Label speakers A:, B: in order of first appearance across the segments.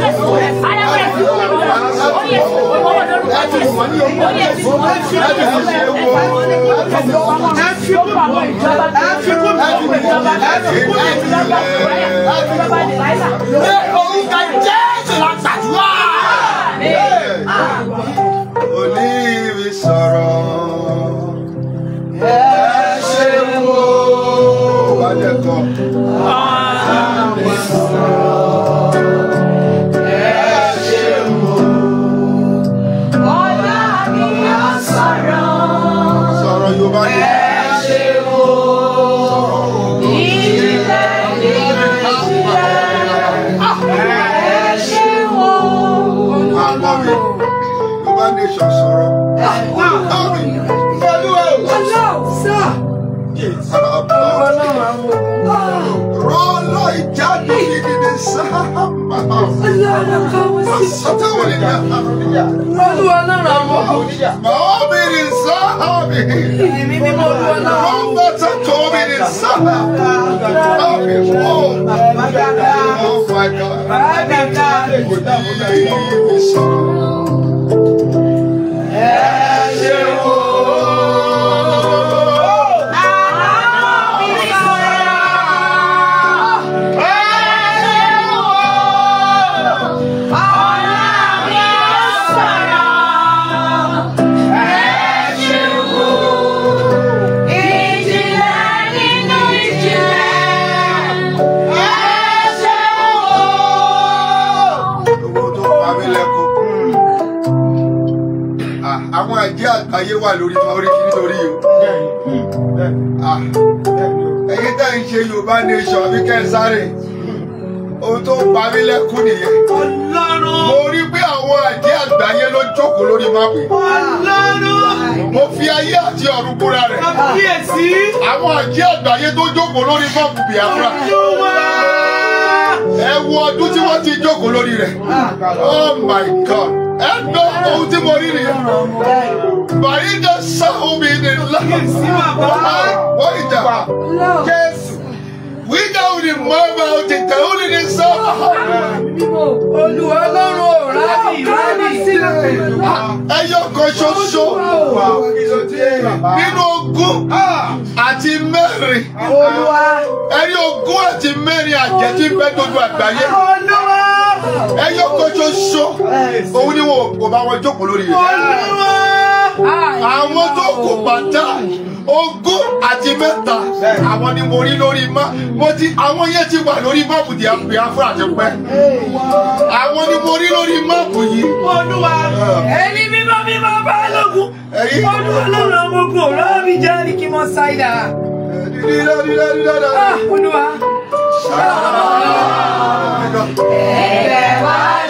A: Jésù ara rẹ̀ ti kú lọ. Ó yẹ
B: Olúwa lára wọn. Màá bèrè sáà mi. Ìdìbí ni mo lọ náà. Wọ́n bá ta tó bèrè sáà. Bàbá mi wọ́.
A: Bàbá dàda. Bàbá dàda. Ẹ ṣeun.
B: wà lórí orí kiri lórí o. ẹ̀yin tẹ́ ń ṣe Yorùbá nation àbí kẹ́sàrè ohun tó ń pa mí lẹ́kún nìyẹn. mo rí pé àwọn àjẹ́ àgbáyé ló jókòó lórí máàpù. mo fi ayé àti ọ̀run kóra rẹ̀. àwọn àjẹ́ àgbáyé tó jókòó lórí máàpù Biafra ẹ wo ọdún tí wọ́n ti jókòó lórí rẹ̀ ah, oh my god ẹ gbọ́ ohun tí mo rí rèé ìjà sáhùnmí ní lọ́wọ́ wọ́n ìjà Jésù wíjà ò ní mọ́ ẹgbẹ́ òtí tẹ̀ ó ní ní sọ. Olúwa lọ́rùn ọ̀rá ìrọ́lì ẹyọ kan ṣoṣo nínú ogún àti mẹ́rin ẹni ogún àti mẹ́rin àjẹtí bẹ́ gbogbo àgbáyé ẹyọ kan ṣoṣo òun ni wọn kò bá wọn jókòó lórí rẹ̀. Ah, àwọn tó kò bá dá ogún àti mẹ́ta àwọn ni mo rí lórí má mo ti àwọn yẹn ti wà lórí máàpù di àpè afúrà ti pẹ́ àwọn ni mo rí lórí máàpù yìí. olúwa ah.
A: ẹni mímọ́ mímọ́
B: bá lógun olúwa lọ́rọ̀ ọmọ ogun ọ̀rọ̀ mi
A: jẹ́ ní kí mo ṣáìdà. Ah, olúwa.
B: ẹ̀ẹ́dẹ̀ wá.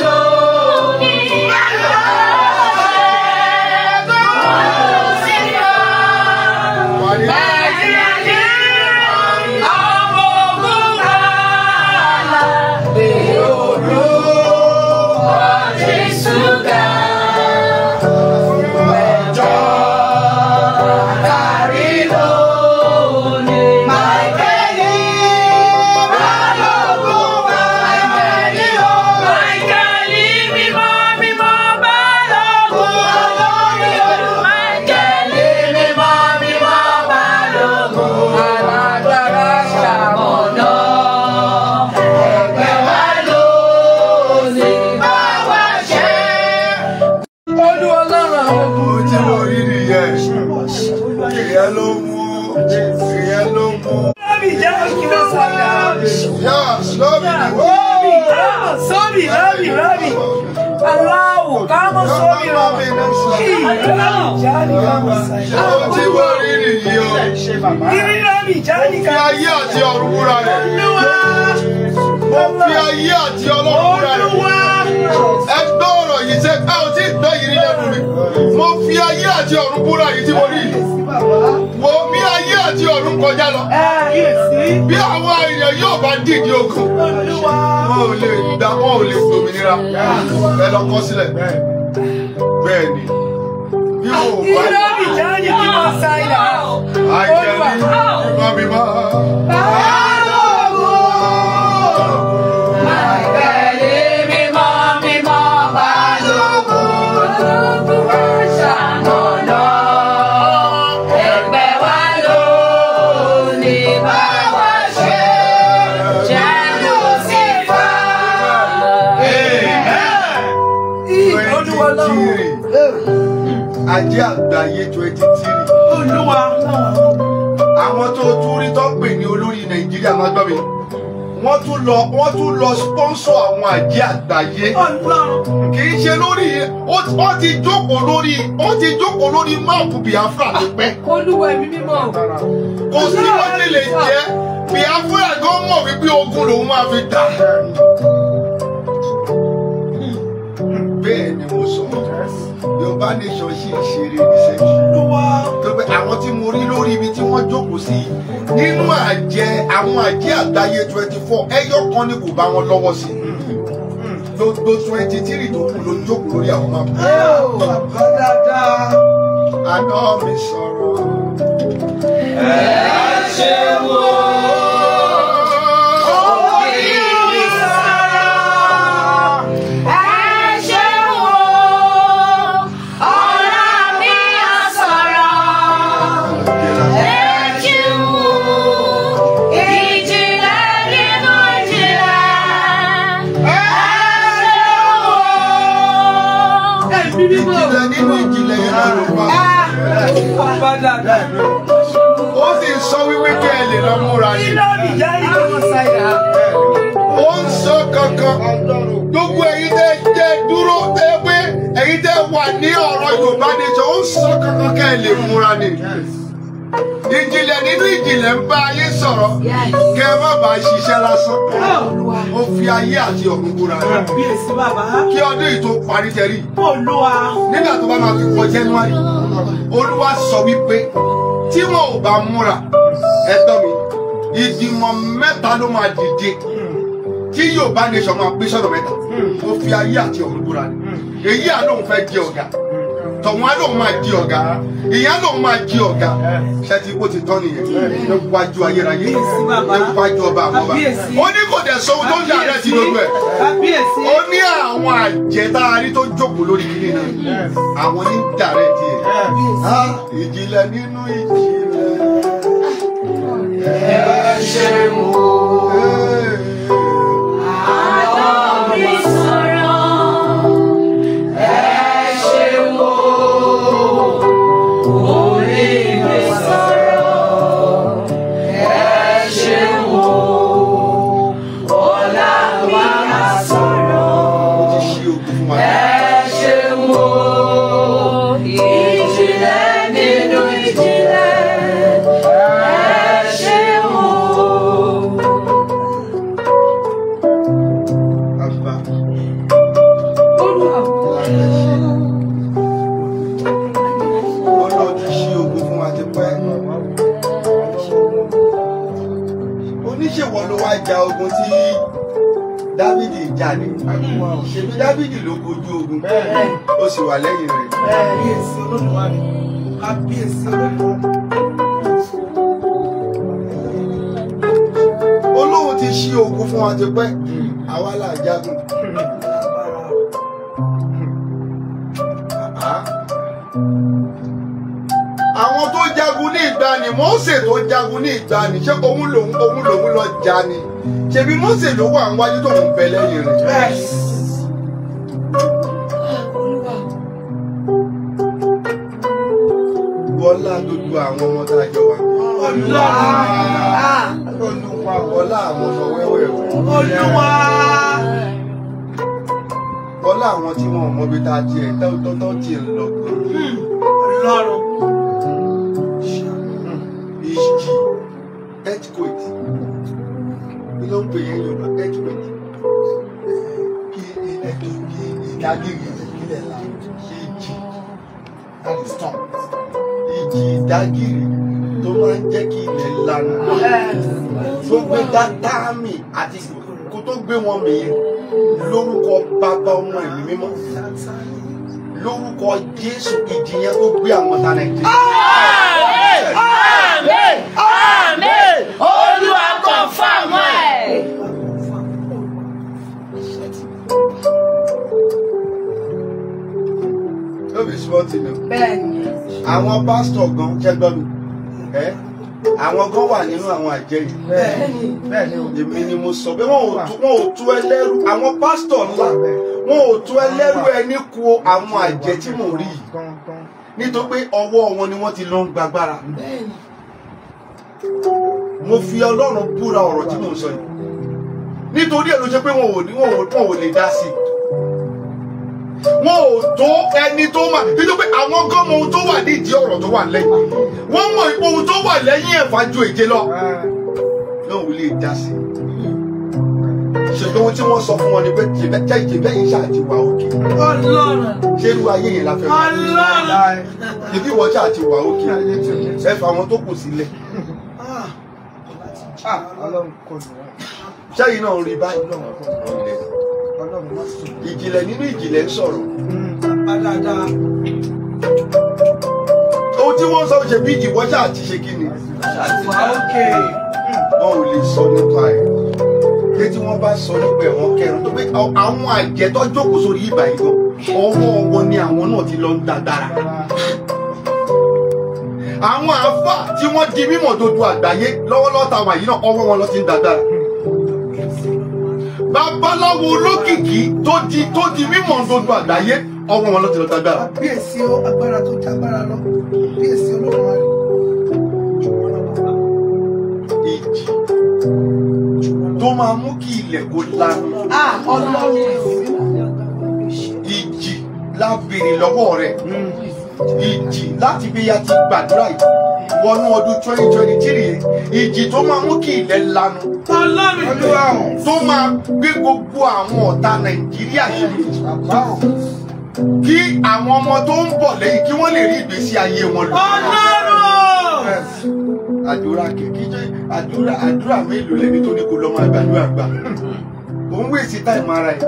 A: ohun tí
B: wọ́n rí nìyí o mo fi ayé àti ọ̀run wúra rẹ̀ mo fi ayé àti ọlọ́run wúra rẹ̀ ẹ gbọ́ ọ̀rọ̀ yìí ṣe ẹ ò tí ì yìí lẹ́nu mi mo fi ayé àti ọ̀run wúra yìí tí mo rí yìí bí ayé àti ọ̀run kọjá lọ bí àwọn èèyàn yóò bá dìde ogun wọn ò lè dá wọn ò lè gbòmìnira bẹ́ẹ̀ lọ kọ sílẹ̀ bẹ́ẹ̀ ni. you. You You keep on that.
A: I can't leave you,
B: ìpàdé àgbáyé twenty three. olúwa àwọn tó tún rí tó pè ní olórí nàìjíríà máa gbọ́ mi wọ́n tún lọ wọ́n tún lọ sponsor àwọn àjẹ àgbáyé kì í ṣe lórí wọ́n ti jókòó lórí wọ́n ti jókòó lórí máàpù biafra ló pẹ́. olúwa ẹ̀mí mímọ́. kò sí wọ́n ti lè jẹ́ biafra gan mọ̀ wípé ogun lòun máa fi dà. yorùbá nation ṣì ń ṣeré níṣẹ́ àwọn tí mo rí lórí ibi tí wọ́n jókòó sí nínú àjẹ àwọn àjẹ àgbáyé twenty four ẹyọ kan ni kò bá wọn lọ́wọ́ sí gbogbo twenty three tó kù ló jókòó lórí àwọn máa oh, bọ̀. àná mi sọ̀rọ̀.
A: ẹ ṣeun.
B: dàgbà. ó sì sọ wípé kí ẹ lè lọ múra ni. kí ló dìjà ìjọba ṣàyà. ó ń sọ kankan gbogbo ẹ̀yin tẹ́ jẹ́ dúró ẹgbẹ́ ẹ̀yin tẹ́ wà ní ọ̀rọ̀ Yorùbá nation ó ń sọ kankan kí ẹ lè múra ni ìjìnlẹ̀ nínú ìjìnlẹ̀ ń bá ayé sọ̀rọ̀ kẹ́ ẹ má bàa ṣiṣẹ́ lásán ó fi ayé àti ọ̀run búra rẹ̀ kí ọdún yìí tó parí tẹ̀rí nígbà tó bá máa fi wọ January olúwa sọ wípé tí wọn ò bá múra ẹ̀tọ́ mi ìgbìmọ̀ mẹ́ta ló máa dìde tí Yorùbá nation máa gbé sọ́dọ̀ mẹ́ta hmm. ó fi ayé àti ọ̀run búra rẹ̀ hmm. èyí àlóhùn fẹ́ jẹ ọ̀gá. Hmm tọ̀wọ́n á lóun máa di ọ̀gá ìyá lóun máa di ọ̀gá ṣẹ́tí bó ti tọ́ nìyẹn ẹ wájú ayérayé ẹ wájú ọba àmọ́ba ó ní kò dẹ̀ sọ ohun tó ń dà rẹ̀ sí lójú ẹ̀ ó ní àwọn àjẹtárí tó jókòó lórí kìíní náà àwọn ní dà rẹ̀ tiẹ̀ ìjìnlẹ̀ nínú ìjìnlẹ̀ ẹ ṣe mú. jà ogun tí dávidi jà ní ṣèbí dávidi ló kojú ogun ó sì wà lẹ́yìn rẹ̀. olóhùn ti ṣí ogun fún wa ti pẹ́ àwa là jagun. àwọn tó jagun ní ìgbani Mósè tó jagun ní ìgbani ṣé òun lòun òun lòun lọ jà ṣebí Mósè ló wà ń wájú tó ń bẹ lẹ́yìn rẹ̀. Bọ́lá gbogbo àwọn ọmọ tá a jọ wà. Olúwa. Olúwa bọ́lá àwọn ọmọ wẹ́wẹ́
A: rẹ̀. Olúwa.
B: Bọ́lá àwọn tí wọ́n mọ ibi tá ti ẹ̀ tọ́tọ́ ti ń lọ. Hmm. Ọlọ́run. Ìjì earthquake ló ń that is strong ìjì ìdágìrì tó máa ń jẹ́ kí ilẹ̀ lanu tó gbé dátàmì àti kó tó gbé wọn mìíràn lórúkọ bàbá ọmọ ìlú mímọ́ lórúkọ jésù ìjìyẹn tó gbé àwọn ta nàìjíríà. gbọ́ tèmi o. bẹ́ẹ̀ni. àwọn pásítọ̀ gan kẹgbọ́ mi ẹ àwọn gan wà nínú àwọn àjẹ́ yìí. bẹ́ẹ̀ni bẹ́ẹ̀ni o. èmi ni mo sọ pé wọn ò tú ẹ lẹ́rú àwọn pásítọ̀ ńlá wọn ò tú ẹ lẹ́rú ẹ ní ku àwọn àjẹ́ tí mò ń rí yìí nítorí pé ọwọ́ wọn ni wọ́n ti lọ ń gbàgbára. mo fi ọlọ́run búra ọ̀rọ̀ tí mò ń sọ yìí nítorí ẹ̀ ló ṣe pé wọn ò ní wọn ò lè dá sí i wọn ò tó ẹni tó mà nítorí pé àwọn gọ́mọ ohun tó wà nídìí ọ̀rọ̀ tó wà lẹ́yìn wọ́n mọ̀ ipò ohun tó wà lẹ́yìn ẹ̀fà ju èje lọ náà wò lè já sí ṣètò ohun tí wọ́n sọ fún wọn ni pé jìbẹ́ jẹ́ ìjìbẹ́ yìí ṣáà ti wà òkè ṣé irú ayé yẹn la fẹ́ wọ́n ìdí ìwọ ṣáà ti wà òkè ẹ fà tó kù sílẹ̀ ṣáà ah, yìí ah, náà rí báyìí náà ìjìnlẹ̀ nínú ìjìnlẹ̀ ń sọ̀rọ̀. ohun tí wọ́n sọ ṣe bí ìwọ ṣáà ti ṣe kí ni. wọn ò lè sọ nípa ẹ̀ pé tí wọ́n bá sọ nípa ẹ̀ kẹrin tó pé àwọn àjẹtọ́ jókòó sórí ibà yìí gan ọwọ́ wọn ni àwọn náà ti lọ ń da àwọn àáfà tí wọ́n di mímọ̀ dodo àgbáyé lọ́wọ́lọ́ta wà yìí náà ọwọ́ wọn lọ ti ń da babaláwo olókìkí tó di tó di mímọ̀ gbogbo àgbáyé ọwọ́ wọn ló ti lọ tagbára. bí èsì agbára tó jágbára lọ bí èsì olóòrùn rẹ. ìjì tó máa mú kí ilẹ̀ kó lanu. ìjì la lọ́wọ́ rẹ̀ ìjì láti bí ya ti gbàdúrà yìí wọnú ọdún twenty twenty three ìjì tó máa mú kí ilẹ̀ lanu tó máa gbé gbogbo àwọn ọ̀tá nàìjíríà ṣe kí àwọn ọmọ tó ń bọ̀ lẹ́yìn kí wọ́n lè rí ìgbésí ayé wọn lò. àdúrà kìkì jẹ́ àdúrà àdúrà mélòó lẹ́ni tó ní kó lọ́mọ àgbàdúrà gbà òun wèsì táìmù ara ẹ̀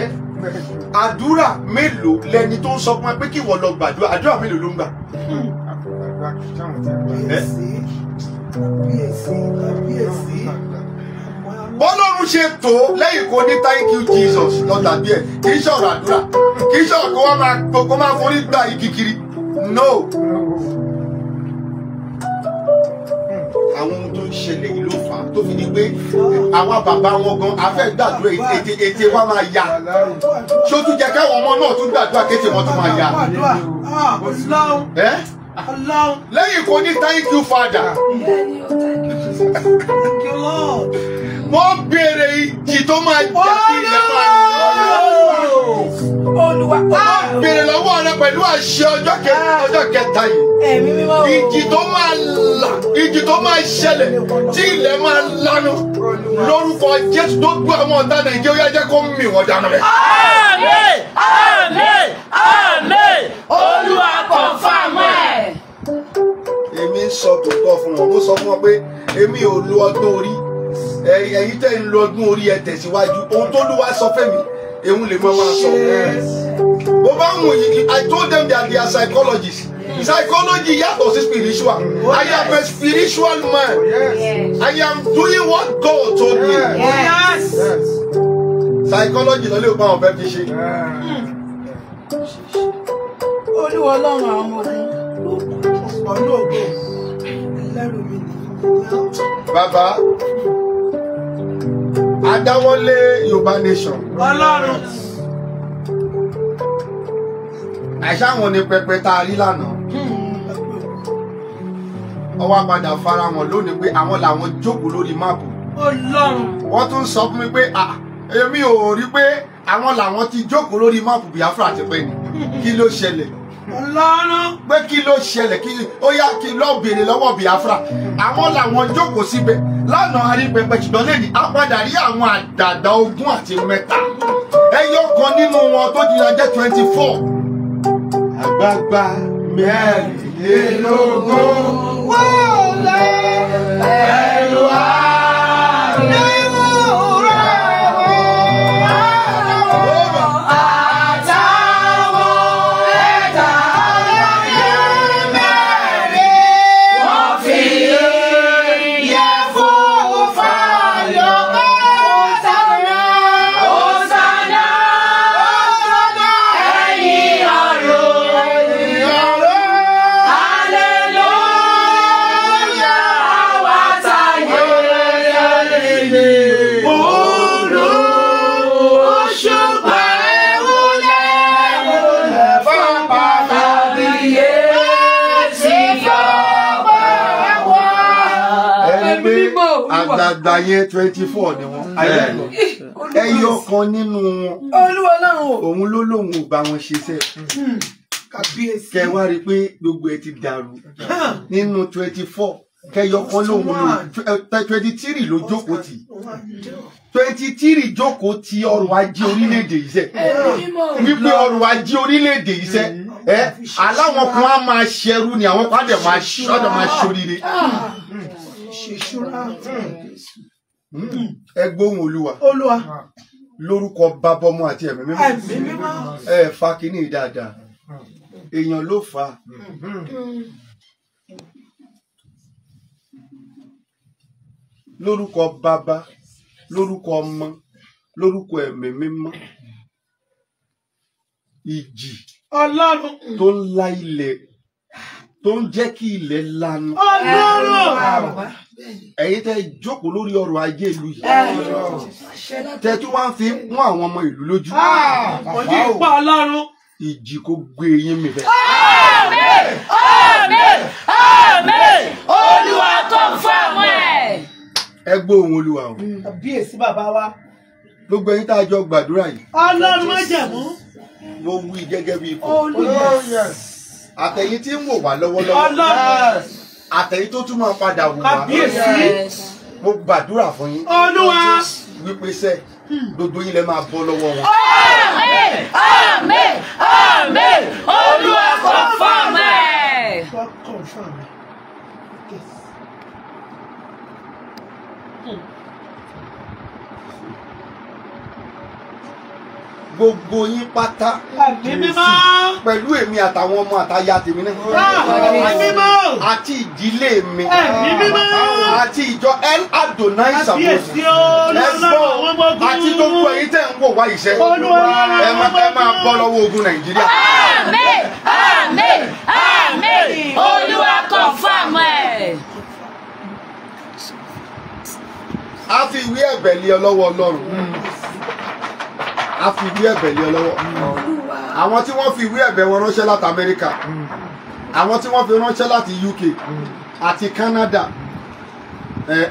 B: ẹ́ àdúrà mélòó lẹ́ni tó ń sọ fún ẹ pé kí ìwọ lọ gbàdúrà àdúrà mélòó ló ń gbà gba táwọn ti gbà. bọ́lọ́run ṣe tó lẹ́yìn kó ní thank you Jesus lọ tàbí ẹ̀ kì í ṣọ̀rọ̀ àdúrà kì í ṣọ̀rọ̀ kó wá máa kó máa forí gba igi no. àwọn ohun tó ń ṣẹlẹ̀ yìí ló fà á tó fi di pé àwa bàbá wọn gan afẹ́ gbàdúrà ètè ètè wa máa yá ṣó tún jẹ́ káwọn ọmọ náà tún gbàdúrà kété wọn tún máa yá. Ọlọ́run. lẹ́yìn kò ní thank you father. thank you lord. wọ́n béèrè ìjì tó máa jà sí ilẹ̀ máa ń lọ olúwa. a bèrè lọ́wọ́ rẹ pẹ̀lú àṣẹ ọjọ́ ah. kẹta yìí. ìjì tó máa là ìjì tó máa ṣẹlẹ̀ tí ilẹ̀ máa lanu lórúkọ jésù tó gbé àwọn ọ̀tá nàìjíríà jẹ́ kó mì wọ́n dànù rẹ̀. àmín àmín àmín olúwa confirm ẹ̀. èmi ń sọ tòótọ́ fún wọn mo sọ fún wọn pé èmi ò lo ọdún orí ẹ̀yin tẹ́ ń lo ọdún orí ẹ̀ tẹ̀síwájú ohun tó lúwa sọ fẹ́ mi ehun lè máa sọ. bó bá ń wòye i told them that they are psychologists psychology yàtọ̀ sí spiritual oh, i am a spiritual man i am doing what God told me. psychology ló lè bá wọn fẹ́ fi ṣe. olúwa ọlọ́run àwọn ọmọ ogun ọ̀nà ògo mi bàbá adáwọ́lé Yorùbá nation. Ọlọ́run. àìsàn àwọn ni pẹpẹ tá a rí lánàá ọwọ́ padà fara wọn lónìí pé àwọn làwọn jókòó lórí máàpù. Ọlọ́run. wọ́n tún sọ fún mi pé èmi ò rí pé àwọn làwọn ti jókòó lórí máàpù Biafra ti pẹ́ ni kí ló ṣẹlẹ̀ lọ́rùn. pé kí ló ṣẹlẹ̀ kí ó yá kí lọ́ọ́ béèrè lọ́wọ́ Biafra àwọn làwọn jókòó síbẹ̀ lánàá arípẹpẹ ṣùgbọ́n lẹ́yìn apádà rí àwọn àdàdà ogún àti mẹ́ta ẹyọ kan nínú wọn tó jìnnà jẹ́ twenty four. àgbààgbà mẹ́rìnlélógún wọ́n lé ẹ̀rọ á. àgbàlagbà twenty four ni wọn ẹyọ kan nínú wọn òun ló lóun ò bá wọn ṣe hmm. sẹ kẹ wá rí i pé gbogbo ẹ ti dàrú hmm. nínú twenty four kẹyọ kan lòun lò eh, twenty three ló jókòó tì oh, twenty three jókòó tì ọrọ̀ ajé orílẹ̀-èdè yìí sẹ́ eh, eh, wípé ọrọ̀ ajé orílẹ̀-èdè yìí sẹ́ ẹ hmm. aláwọn kan á máa ṣẹrú ni àwọn kan á dẹ̀ máa ṣọ́dọ̀ máa ṣoríire. Ah ìṣúra ẹ gbóhùn olúwa olúwa lórúkọ bábọmọ àti ẹ̀mí mímọ́ ẹ̀mí mímọ́ ẹ fa kínní dáadáa èèyàn ló fa. á. lórúkọ bàbá lórúkọ ọmọ lórúkọ ẹ̀mí mímọ́ ìjì ọlọ́run tó ń la ilẹ̀ tó ń jẹ́ kí ilẹ̀ lanu ọlọ́run ẹ̀yin tẹ́ jókòó lórí ọrọ̀ ajé ìlú yìí tẹ́ tún wá ń fi mú àwọn ọmọ ìlú lójú. Ah! òní ìpá ọlọ́run. ìjì kò gbé yín mi bẹ́ẹ̀. àmín àmín àmín olúwa tó fún àwọn ẹ̀. ẹ gbọ́ ohùn olúwa o. àbíyèsí hmm. bàbá wa. gbogbo ẹ̀yin tá a jọ gbàdúrà yìí. ọlọ́run má jẹ̀mú. mo wí gẹ́gẹ́ bí ikọ̀. Oh, àtẹ̀yìn tí ń wò wá lọ́wọ́lọ́wọ́. ọlọ́run àtẹ̀yí tó túmọ̀ padà wù wá mo gbàdúrà fún yín olúwa wípé sẹ́ hmm. gbogbo yín lẹ máa bọ́ lọ́wọ́ wọn.
A: àmín àmín àmín olúwa kò fọ́ mẹ́.
B: Yes. Hmm. gbogbo yín pátá pẹ̀lú èmi àtàwọn ọmọ àtaya tèmi náà ah, àti ìdílé mi ah, àti ìjọ el adonai samosi àti tó gbọ́ tẹ̀ ń wò wá iṣẹ́ ẹ máa bọ́ lọ́wọ́ ogun nàìjíríà. àmín àmín àmín olúwa kọ̀ fún àmọ́ a fi ìwé ẹ̀bẹ̀ lé ọ lọ́wọ́ ọlọ́run. Hmm á fi ìwé ẹ̀bẹ̀ lé ọ lọ́wọ́ àwọn tí wọ́n fi ìwé ẹ̀bẹ̀ wọn ránṣẹ́ láti Amẹ́ríkà àwọn tí wọ́n fi ránṣẹ́ láti UK àti Canada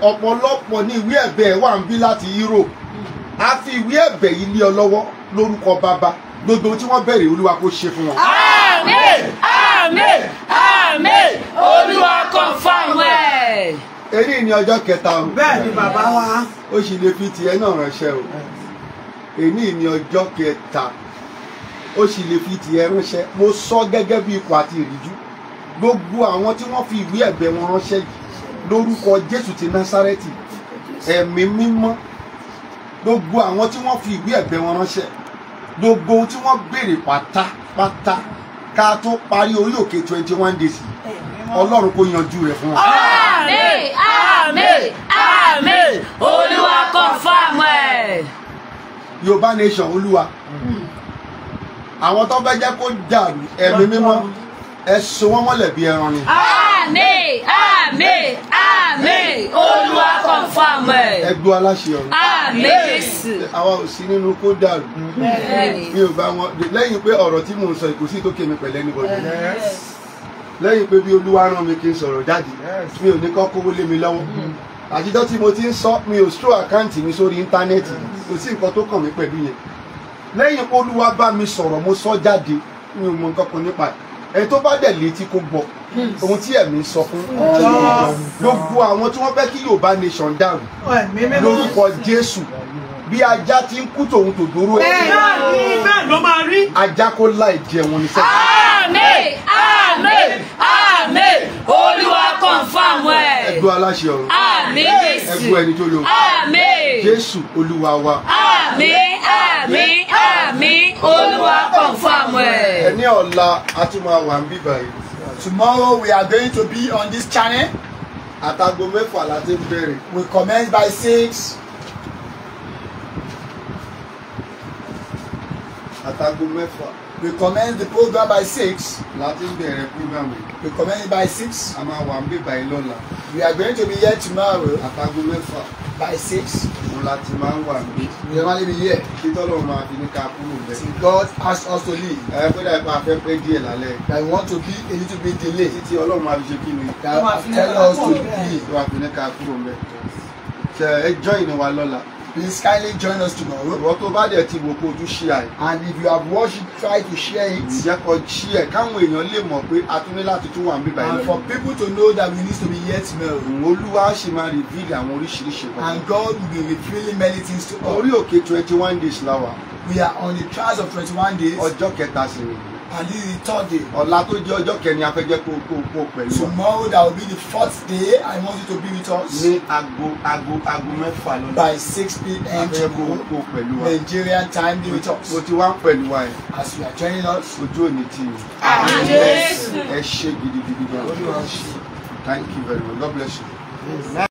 B: ọ̀pọ̀lọpọ̀ ní ìwé ẹ̀bẹ̀ wà ń bí láti Europe á fi ìwé ẹ̀bẹ̀ yìí lé ọ lọ́wọ́ lórúkọ bàbá gbogbo tí wọ́n bẹ̀rẹ̀ olúwa kó ṣe fún wọn. àmín àmín
A: àmín olúwa confirm ẹ̀.
B: èyí ni ọjọ́ kẹta o. bẹ́ẹ̀ ni bàbá wa. ó sì lè fi tiẹ̀ náà ránṣẹ́ o èní ní ọjọ́ kẹta ó sì lè fi tiẹ̀ ránṣẹ́ mo sọ gẹ́gẹ́ bí ikọ̀ àti ìríjú gbogbo àwọn tí wọ́n fi ìwé ẹ̀bẹ̀ wọn ránṣẹ́ yìí lórúkọ Jésù ti Násárẹ́tì ẹ̀mí mímọ́ gbogbo àwọn tí wọ́n fi ìwé ẹ̀bẹ̀ wọn ránṣẹ́ gbogbo tí wọ́n béèrè pátápátá ká tó parí orí òkè twenty one days ọlọ́run kò yanjú rẹ̀ fún wa. àmín àmín
A: àmín olúwa kọ́ fáàmù
B: ẹ̀ yorùbá nation olúwa àwọn tó fẹ́ jẹ́ kó dàrú ẹ̀mí mímọ́ ẹ so wọ́n mọ́lẹ̀ ẹran ni.
A: àmín àmín àmín olúwa confirm ẹ.
B: ẹ gbọ́ aláṣẹ ọ̀run. àmín. àwa ò sí nínú kó dàrú mi ò bá wọn lẹ́yìn pé ọ̀rọ̀ tí mò ń sọ ìkùsí tó kémi pẹ̀lẹ́ ní bọ̀dọ̀ lẹ́yìn pé bí olúwa rán mi kí n sọ̀rọ̀ jáde mi ò ní kọ́ kówó lé mi lọ́wọ́ mm-hmm. àtijọ́ tí mo ti ń sọ mi ò stró àkáǹtì mi sórí íńtánẹ́ẹ̀tì mi kò sí nǹkan tó kàn mí pẹ̀lú yẹn lẹ́yìn olúwa bá mi sọ̀rọ̀ mo sọ jáde mi ò mọ nǹkan kan nípa ẹ̀ ẹni tó bá dẹ̀ létí kó gbọ́ ohun tí ẹ̀mí sọ fún gbogbo àwọn tí wọ́n fẹ́ kí Yorùbá nation dàrú lórúkọ Jésù bí ajá ti ń kú tòun tòdóró ẹ. bẹ́ẹ̀ bẹ́ẹ̀ ló máa rí. ajá kó láì jẹun ní sẹ́yìn. àmín àmín àmín olúwa confam ẹ. ẹgbẹ́ aláṣẹ ọ̀run. àmín jésù ẹgbẹ́ ẹni tó lò. àmín jésù olúwa wa. àmín àmín àmín olúwa confam ẹ. ẹni ọ̀la a tún máa wà ń bíbá yìí. tomorrow we are going to be on this channel. àtàgò mẹ́fà la ti bẹ̀rẹ̀. we commence by six. àtàgò mẹ́fà. we commence the program by six. láti bẹ̀rẹ̀ program yìí. we commence by six. a máa wà ń bí báyìí lọ́la. we are going to be here tomorrow. àtàgò mẹ́fà. by six. mo láti máa ń wà ń bí. we are only be here. kí tọ́lọ̀ máa fi ní ká kúrò bẹ́ẹ̀. till God ask us to leave. ẹ fẹ́ dà pa afẹ́ pẹ́ díẹ̀ lálẹ́. that want to be a little bit delayed. títí ọlọ́run máa fi ṣe kí ni. that tell us to be. wà á fi ní ká kúrò bẹ́ẹ̀. ṣe ẹ join wa lọ́la please kindly join us tomorrow. ìwọ tó bá dẹ̀ ti wò pé ojú ṣe àì. and if you have watched it try to share it. jẹ́ kó share káwọn èèyàn lè mọ̀ pé a tún ní láti tún wà níbí báyìí. and for people to know that we need to be yet tomorrow. olúwa ṣe máa reveal àwọn oríṣiríṣi kan. and God will be revealing many things to us. orí òkè twenty one days la wà. we are on the trials of twenty one days. ọjọ́ kẹta sí ni and this is tó jẹ́ ọjọ́ kẹrin afẹ́jẹ́ kó kó kó pẹ̀lú. tomorrow that will be the fourth day I want you to be with us. ní aago aago aago mẹ́fà lọ. by six pm afẹ́jẹ́ kó time be with us. o ti wá pẹ̀lú wa yẹn. as you are joining us. ojú ò ní tì í. ẹ ṣé gidigidi thank you very much
A: God bless you.